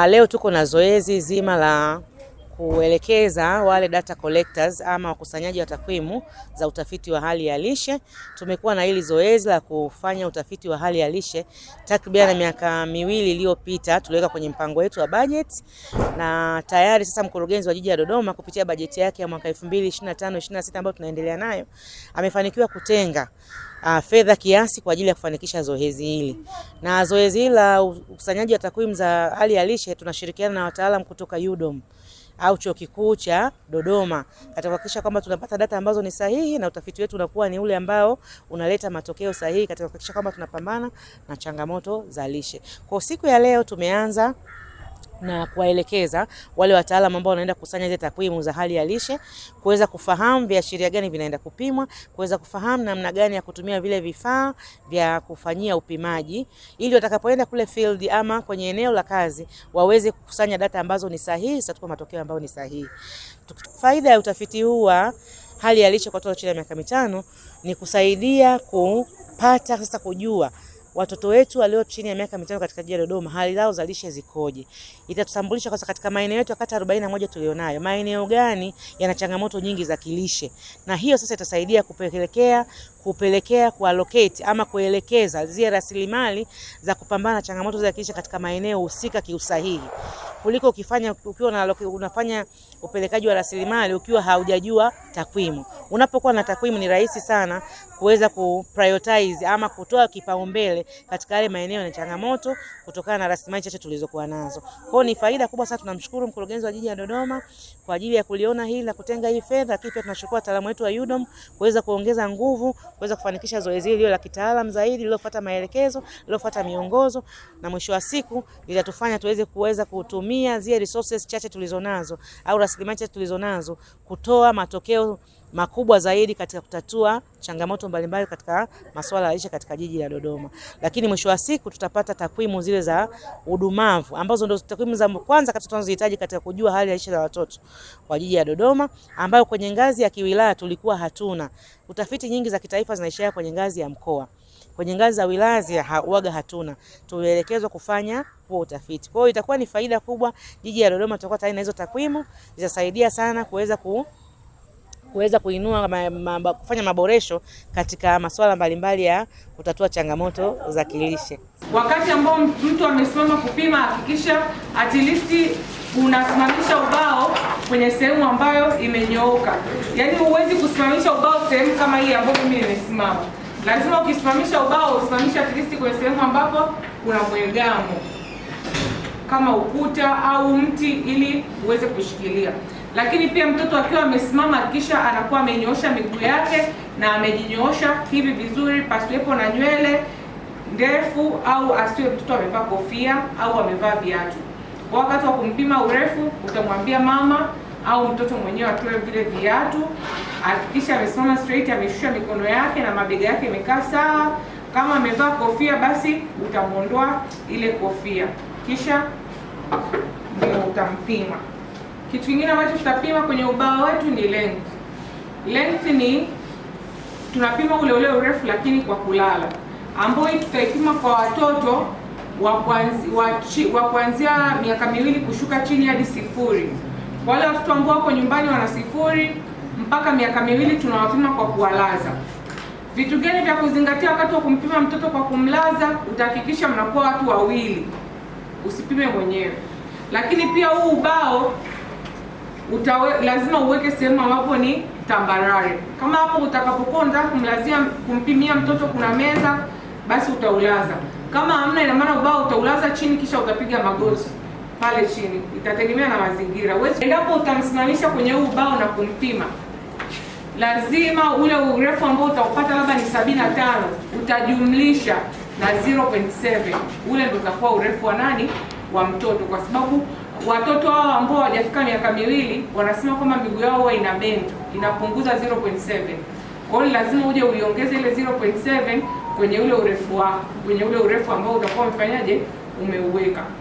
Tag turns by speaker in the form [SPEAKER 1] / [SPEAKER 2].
[SPEAKER 1] Ah, leo tuko na zoezi zima la kuelekeza wale data collectors ama wakusanyaji wa takwimu za utafiti wa hali ya lishe. Tumekuwa na hili zoezi la kufanya utafiti wa hali ya lishe takriban miaka miwili iliyopita, tuliweka kwenye mpango wetu wa budget, na tayari sasa mkurugenzi wa jiji la Dodoma kupitia bajeti yake ya mwaka 2025 26 ambayo tunaendelea nayo amefanikiwa kutenga uh, fedha kiasi kwa ajili ya kufanikisha zoezi hili. Na zoezi hili la ukusanyaji wa takwimu za hali ya lishe tunashirikiana na wataalamu kutoka UDOM au chuo kikuu cha Dodoma katika kuhakikisha kwamba tunapata data ambazo ni sahihi na utafiti wetu unakuwa ni ule ambao unaleta matokeo sahihi katika kuhakikisha kwamba tunapambana na changamoto za lishe. Kwa siku ya leo tumeanza na kuwaelekeza wale wataalamu ambao wanaenda kukusanya zile takwimu za hali ya lishe kuweza kufahamu viashiria gani vinaenda kupimwa, kuweza kufahamu namna gani ya kutumia vile vifaa vya kufanyia upimaji, ili watakapoenda kule field ama kwenye eneo la kazi waweze kukusanya data ambazo ni sahihi, zitatupa matokeo ambayo ni sahihi. Faida ya utafiti huu wa hali ya lishe kwa watoto chini ya miaka mitano ni kusaidia ku tunapata sasa kujua watoto wetu walio chini ya miaka mitano katika jiji la Dodoma hali zao za lishe zikoje. Itatutambulisha kwanza katika maeneo yetu ya kata 41 tulionayo, maeneo gani yana changamoto nyingi za kilishe, na hiyo sasa itasaidia kupelekea kupelekea kuallocate ama kuelekeza zile rasilimali za kupambana na changamoto za kilishe katika maeneo husika kiusahihi kuliko ukifanya ukiwa na, unafanya upelekaji wa rasilimali ukiwa haujajua takwimu. Unapokuwa na takwimu ni rahisi sana kuweza ku prioritize ama kutoa kipaumbele katika yale maeneo na changamoto kutokana na rasilimali chache tulizokuwa nazo. Kwa ni faida kubwa sana, tunamshukuru mkurugenzi wa jiji la Dodoma kwa ajili ya kuliona hili na kutenga hii fedha, lakini pia tunashukuru wataalamu wetu wa UDOM kuweza kuongeza nguvu kuweza kufanikisha zoezi hili la kitaalamu zaidi lilofuata maelekezo, lilofuata miongozo na mwisho wa siku litatufanya tuweze kuweza kutumia kutumia zile resources chache tulizonazo au rasilimali chache tulizonazo kutoa matokeo makubwa zaidi katika kutatua changamoto mbalimbali katika masuala ya lishe katika jiji la Dodoma. Lakini mwisho wa siku tutapata takwimu zile za udumavu ambazo ndio takwimu za kwanza kabisa tunazohitaji katika kujua hali ya lishe za watoto kwa jiji la Dodoma, ambayo kwenye ngazi ya kiwilaya tulikuwa hatuna. Utafiti nyingi za kitaifa zinaishia kwenye ngazi ya mkoa kwenye ngazi za wilaya uaga hatuna, tumeelekezwa kufanya huo utafiti. Kwa hiyo itakuwa ni faida kubwa, jiji la Dodoma tutakuwa tayari na hizo takwimu, zitasaidia sana kuweza ku kuweza kuinua ma, ma, kufanya maboresho katika masuala mbalimbali ya kutatua changamoto za kilishe.
[SPEAKER 2] Wakati ambao mtu amesimama kupima, hakikisha at least unasimamisha ubao kwenye sehemu ambayo imenyooka, yaani huwezi kusimamisha ubao sehemu kama hii ambayo mimi nimesimama. Lazima ukisimamisha ubao usimamisha at kwenye sehemu ambapo kuna mwegamo kama ukuta au mti, ili uweze kushikilia. Lakini pia mtoto akiwa amesimama, akikisha anakuwa amenyoosha miguu yake na amejinyoosha hivi vizuri, pasiwepo na nywele ndefu au asiwe mtoto amevaa kofia au amevaa viatu. Kwa wakati wa kumpima urefu, utamwambia mama au mtoto mwenyewe atoe vile viatu hakikisha amesimama straight, ameshusha mikono yake na mabega yake yamekaa sawa. Kama amevaa kofia, basi utamwondoa ile kofia, kisha ndio utampima. Kitu kingine ambacho tutapima kwenye ubao wetu ni length. Length ni tunapima ule ule urefu lakini kwa kulala, ambayo tutaipima kwa watoto wa kuanzia miaka miwili kushuka chini hadi sifuri. Wale watoto ambao wako nyumbani wana sifuri mpaka miaka miwili tunawapima kwa kuwalaza. Vitu gani vya kuzingatia wakati wa kumpima mtoto kwa kumlaza? Utahakikisha mnakuwa watu wawili, usipime mwenyewe. Lakini pia huu ubao utawe, lazima uweke sehemu ambapo ni tambarare. Kama hapo utakapokuwa unataka kumlazia kumpimia mtoto kuna meza, basi utaulaza. Kama hamna, ina maana ubao utaulaza chini, kisha utapiga magoti pale chini, itategemea na mazingira. Endapo utamsimamisha kwenye huu ubao na kumpima lazima ule urefu ambao utaupata labda ni 75 utajumlisha na 0.7 ule ndio utakuwa urefu wa nani wa mtoto, kwa sababu watoto hao ambao hawajafika miaka miwili wanasema kwamba miguu yao huwa ina bend, inapunguza 0.7. Kwa hiyo lazima uje uiongeze ile 0.7 kwenye ule urefu wa kwenye ule urefu ambao utakuwa umefanyaje, umeuweka.